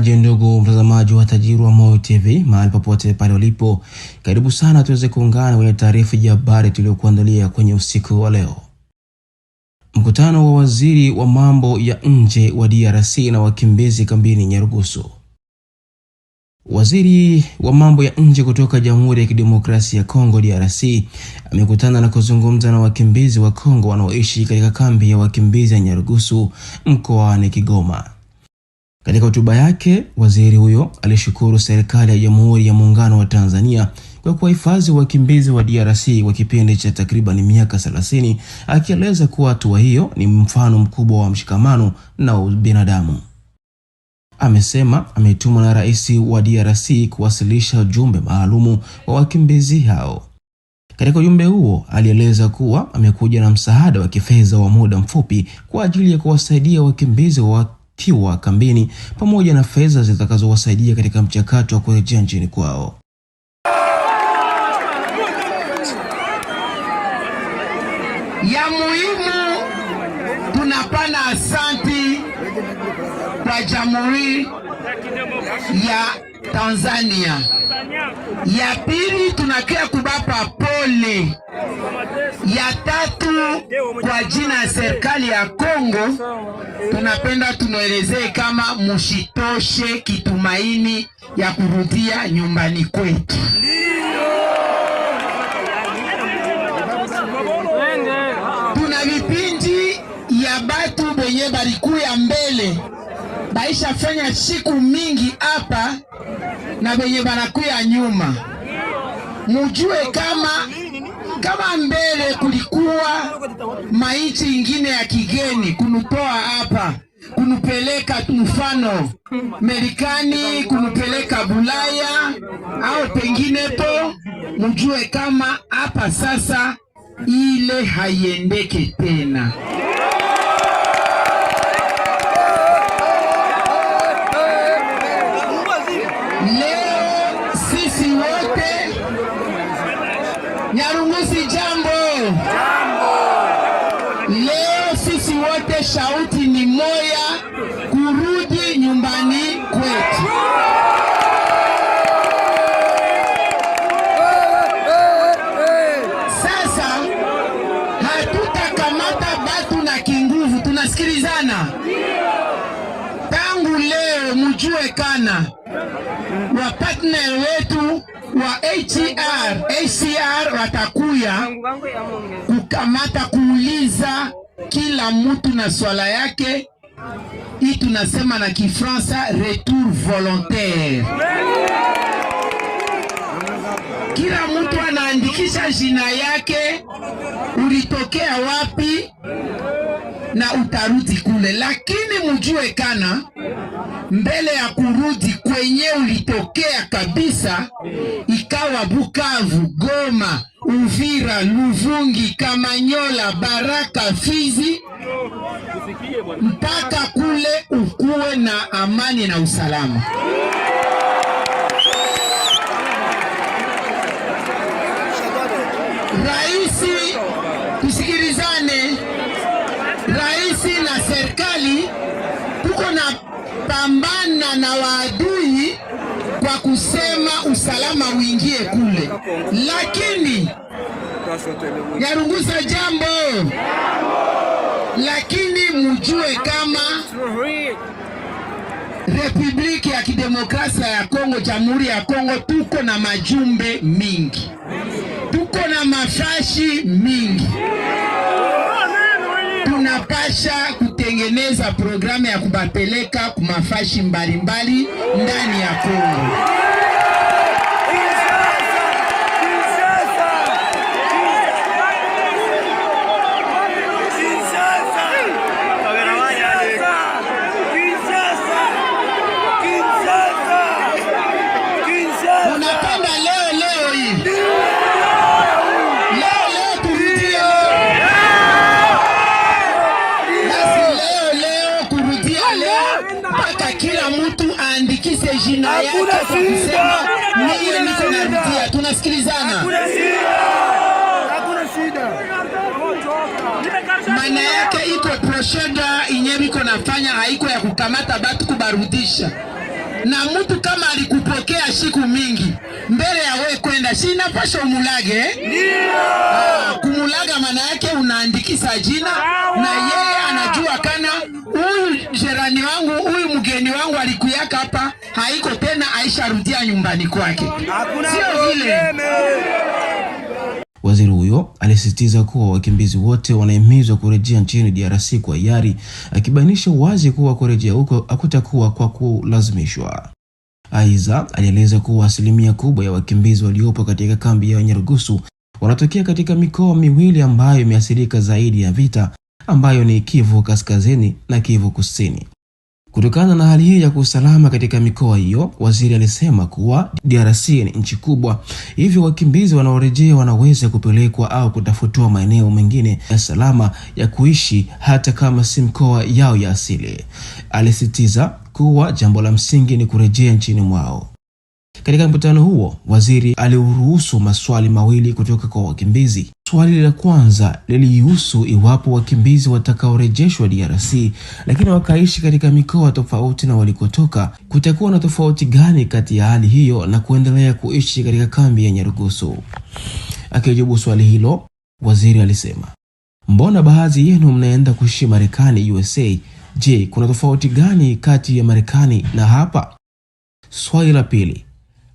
msikilizaji, ndugu mtazamaji wa Tajiri wa Moyo TV, mahali popote pale ulipo, karibu sana tuweze kuungana kwenye taarifa ya habari tuliyokuandalia kwenye usiku wa leo. Mkutano wa waziri wa mambo ya nje wa DRC na wakimbizi kambini Nyarugusu. Waziri wa mambo ya nje kutoka Jamhuri ya Kidemokrasia ya Kongo DRC amekutana na kuzungumza na wakimbizi wa Kongo wanaoishi katika kambi ya wakimbizi ya Nyarugusu mkoani Kigoma. Katika hotuba yake, waziri huyo alishukuru serikali ya Jamhuri ya Muungano wa Tanzania kwa kuwahifadhi wakimbizi wa DRC kwa kipindi cha takriban miaka 30, akieleza kuwa hatua hiyo ni mfano mkubwa wa mshikamano na ubinadamu. Amesema ametumwa na rais wa DRC kuwasilisha ujumbe maalumu wa wakimbizi hao. Katika ujumbe huo alieleza kuwa amekuja na msaada wa kifedha wa muda mfupi kwa ajili ya kuwasaidia wakimbizi wa tiwa kambini pamoja na fedha zitakazowasaidia katika mchakato wa kurejea nchini kwao. Ya muhimu tunapana asanti kwa Jamhuri ya Tanzania. Ya pili tunakia kubapa pole. Ya tatu kwa jina ya serikali ya Kongo tunapenda tunaelezee kama mushitoshe kitumaini ya kurudia nyumbani kwetu. Tuna vipindi ya batu benye barikuya mbele baisha fanya siku mingi hapa na benye banakuya nyuma, mujue kama kama mbele kulikuwa maiti ingine ya kigeni kunutoa hapa kunupeleka mfano merikani kunupeleka Bulaya au pengine po mujue kama hapa sasa ile haiendeke tena. Kazi jambo. Jambo. Leo sisi wote shauti ni moya, kurudi nyumbani kwetu. Sasa hatutakamata batu na kinguvu, tunasikilizana. Tangu leo mjue kana wa partner wetu wa HR watakuya kukamata kuuliza kila mtu na swala yake, hii tunasema na Kifransa retour volontaire. Kila mtu anaandikisha jina yake, ulitokea wapi na utarudi kule, lakini mjue kana mbele ya kurudi kwenye ulitokea kabisa, ikawa Bukavu, Goma Uvira, Luvungi, Kamanyola, Baraka, Fizi mpaka kule ukuwe na amani na usalama. Raisi, tusikilizane. Raisi na serikali tuko na pambana na waadu kusema usalama uingie kule, lakini yarunguza jambo, lakini mujue kama Republiki ya Kidemokrasia ya Kongo, Jamhuri ya Kongo, tuko na majumbe mingi, tuko na mafashi mingi, tunapasha kutengeneza programu ya kubapeleka kumafashi mbalimbali ndani ya Kongo. nataka kila mtu aandikishe jina yake kwa kusema mimi Tunasikilizana? Maana yake iko prosheda inyewe iko nafanya, haiko ya kukamata batu kubarudisha. Na mtu kama alikupokea siku mingi mbele ya wewe kwenda, si inapasha umulage? Ndio ah, kumulaga, maana yake unaandikisha jina na yeye siku yake hapa haiko tena, aisharudia nyumbani kwake, sio vile. Waziri huyo alisisitiza kuwa wakimbizi wote wanahimizwa kurejea nchini DRC kwa hiari, akibainisha wazi kuwa kurejea huko hakutakuwa kwa kulazimishwa. Aiza alieleza kuwa asilimia kubwa ya wakimbizi waliopo katika kambi ya Nyarugusu wanatokea katika mikoa miwili ambayo imeathirika zaidi ya vita, ambayo ni Kivu Kaskazini na Kivu Kusini. Kutokana na hali hii ya kiusalama katika mikoa hiyo, waziri alisema kuwa DRC ni nchi kubwa, hivyo wakimbizi wanaorejea wanaweza kupelekwa au kutafutiwa maeneo mengine ya salama ya kuishi hata kama si mkoa yao ya asili. Alisitiza kuwa jambo la msingi ni kurejea nchini mwao. Katika mkutano huo, waziri aliuruhusu maswali mawili kutoka kwa wakimbizi. Swali la kwanza lilihusu iwapo wakimbizi watakaorejeshwa DRC lakini wakaishi katika mikoa tofauti na walikotoka, kutakuwa na tofauti gani kati ya hali hiyo na kuendelea kuishi katika kambi ya Nyarugusu? Akijibu swali hilo, waziri alisema, mbona baadhi yenu mnaenda kuishi Marekani USA? Je, kuna tofauti gani kati ya Marekani na hapa? Swali la pili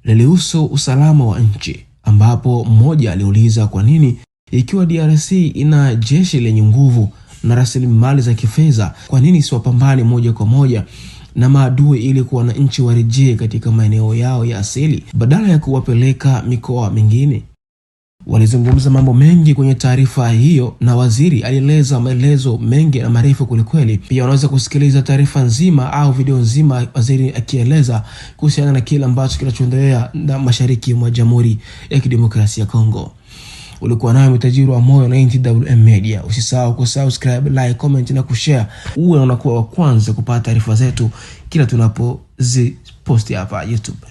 lilihusu usalama wa nchi, ambapo mmoja aliuliza kwa nini ikiwa DRC ina jeshi lenye nguvu na rasilimali za kifedha, kwa nini siwapambane moja kwa moja na maadui ili kuwa wananchi warejee katika maeneo yao ya asili badala ya kuwapeleka mikoa mingine. Walizungumza mambo mengi kwenye taarifa hiyo, na waziri alieleza maelezo mengi na marefu kwelikweli. Pia unaweza kusikiliza taarifa nzima au video nzima, waziri akieleza kuhusiana na kile ambacho kinachoendelea na mashariki mwa Jamhuri ya Kidemokrasia ya Kongo. Ulikuwa nayo mtajiri wa moyo na NTWM Media. Usisahau kusubscribe, like, comment na kushare, uwe unakuwa wa kwanza kupata taarifa zetu kila tunapoziposti hapa YouTube.